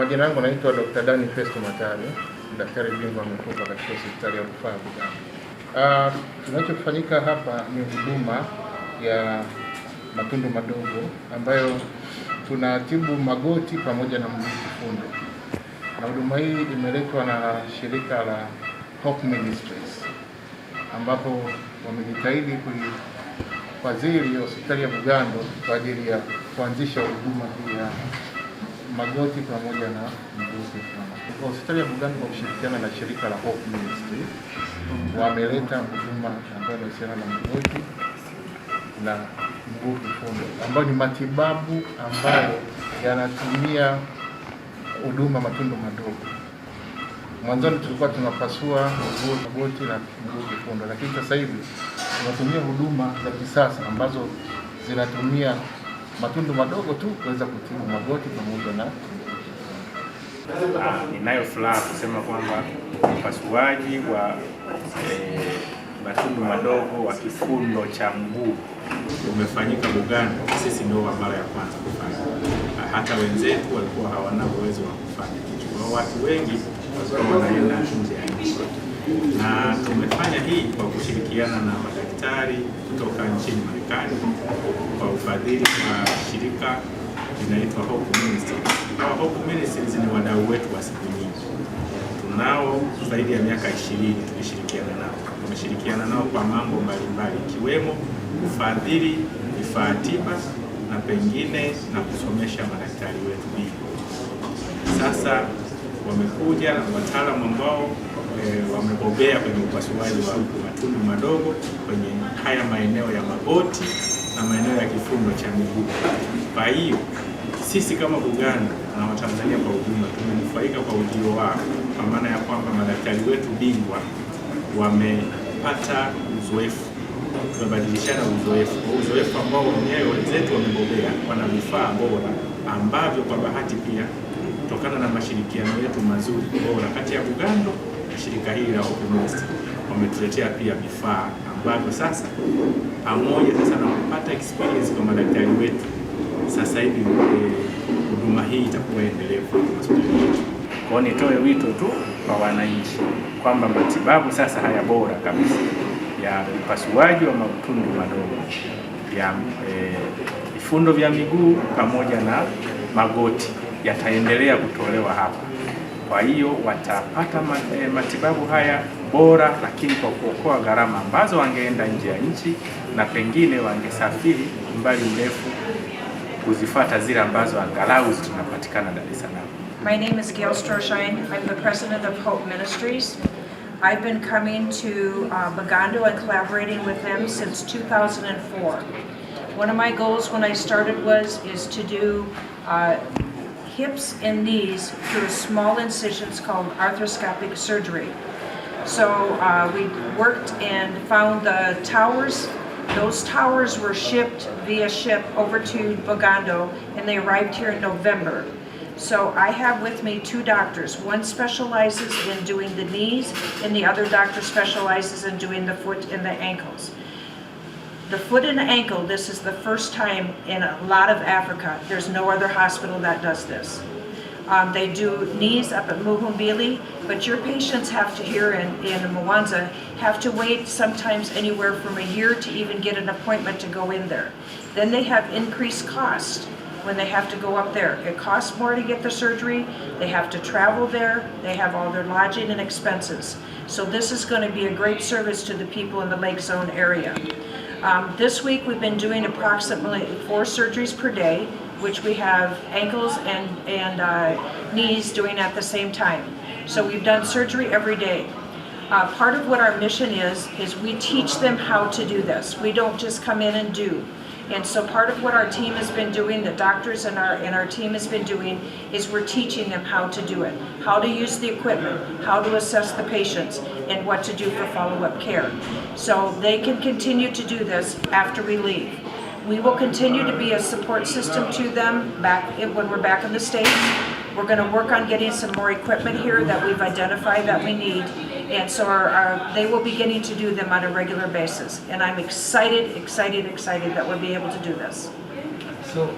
Majina yangu naitwa Dr. Dani Festo Matani, daktari bingwa mifupa katika hospitali ya rufaa ya Bugando. Ah, kinachofanyika hapa ni huduma ya matundu madogo ambayo tunatibu magoti pamoja na mfundo, na huduma hii imeletwa na shirika la Hope Ministries ambapo wamejitahidi kuifadhili hospitali ya Bugando kwa ajili ya kuanzisha huduma hii ya magoti pamoja na mguso. Hospitali ya Bugando kwa kushirikiana na shirika la Hope Ministry wameleta huduma ambayo inahusiana na magoti na mguu kifundo, ambayo ni matibabu ambayo yanatumia huduma matundu madogo. Mwanzoni tulikuwa tunapasua goti na mguu kifundo, lakini sasa hivi tunatumia huduma za kisasa ambazo zinatumia matundu madogo tu kuweza kutibu magoti pamoja na Ah, ninayo furaha kusema kwamba upasuaji wa eh, matundu madogo wa kifundo cha mguu umefanyika Bugando. Sisi ndio wa mara ya kwanza kufanya, ah, hata wenzetu walikuwa hawana uwezo wa kufanya kitu. Watu wengi walikuwa wanaenda nje ya nchi, na tumefanya hii kwa kushirikiana na madaktari kutoka nchini Marekani kwa ufadhili wa shirika linaitwa Hope Ministries. Hawa Hope Ministries ni wadau wetu wa siku nyingi, tunao zaidi ya miaka ishirini tukishirikiana nao. Tumeshirikiana nao kwa mambo mbalimbali ikiwemo ufadhili vifaa tiba na pengine na kusomesha madaktari wetu bingwa. Sasa wamekuja wataalamu ambao wamebobea kwenye upasuaji wa matundu madogo kwenye haya maeneo ya magoti na maeneo ya kifundo cha miguu. Kwa hiyo sisi kama Buganda na Watanzania kwa ujumla tumenufaika kwa ujio wao, kwa maana ya kwamba madaktari wetu bingwa wamepata uzoefu, tumebadilishana uzoefu, uzoefu ambao wenyewe wenzetu wamebobea, wana vifaa bora ambavyo kwa bahati pia kutokana na mashirikiano yetu mazuri bora kati ya Bugando shirika hili la Open West wametuletea pia vifaa ambavyo sasa pamoja sasa na kupata experience kwa madaktari wetu, sasa hivi eh, huduma hii itakuwa endelevu kwa nitoe wito tu kwa wananchi kwamba matibabu sasa haya bora kabisa ya upasuaji wa matundu madogo ya eh, vifundo e, vya miguu pamoja na magoti yataendelea kutolewa hapa. Kwa hiyo watapata eh, matibabu haya bora, lakini kwa kuokoa gharama ambazo wangeenda nje ya nchi na pengine wangesafiri umbali mrefu kuzifata zile ambazo angalau zinapatikana Dar es Salaam. My name is Gail Storshine. I'm the president of Hope Ministries. I've been coming to uh, Bagando and collaborating with them since 2004. One of my goals when I started was is to do uh, hips and knees through small incisions called arthroscopic surgery. So uh, we worked and found the towers. Those towers were shipped via ship over to Bogando, and they arrived here in November. So I have with me two doctors. One specializes in doing the knees and the other doctor specializes in doing the foot and the ankles. The foot and ankle, this is the first time in a lot of Africa. There's no other hospital that does this. Um, they do knees up at Muhumbili, but your patients have to here in, in Mwanza have to wait sometimes anywhere from a year to even get an appointment to go in there. Then they have increased cost when they have to go up there. It costs more to get the surgery, they have to travel there, they have all their lodging and expenses. So this is going to be a great service to the people in the Lake Zone area. Um, This week, we've been doing approximately four surgeries per day, which we have ankles and, and uh, knees doing at the same time. So we've done surgery every day. Uh, Part of what our mission is, is we teach them how to do this. We don't just come in and do. And so part of what our team has been doing, the doctors and our, and our team has been doing, is we're teaching them how to do it, how to use the equipment, how to assess the patients, and what to do for follow-up care. So they can continue to do this after we leave. We will continue to be a support system to them back, when we're back in the States. We're gonna work on getting some more equipment here that we've identified that we need and so our, our, they will be getting to do them on a regular basis. And I'm excited, excited, excited that we'll be able to do this. So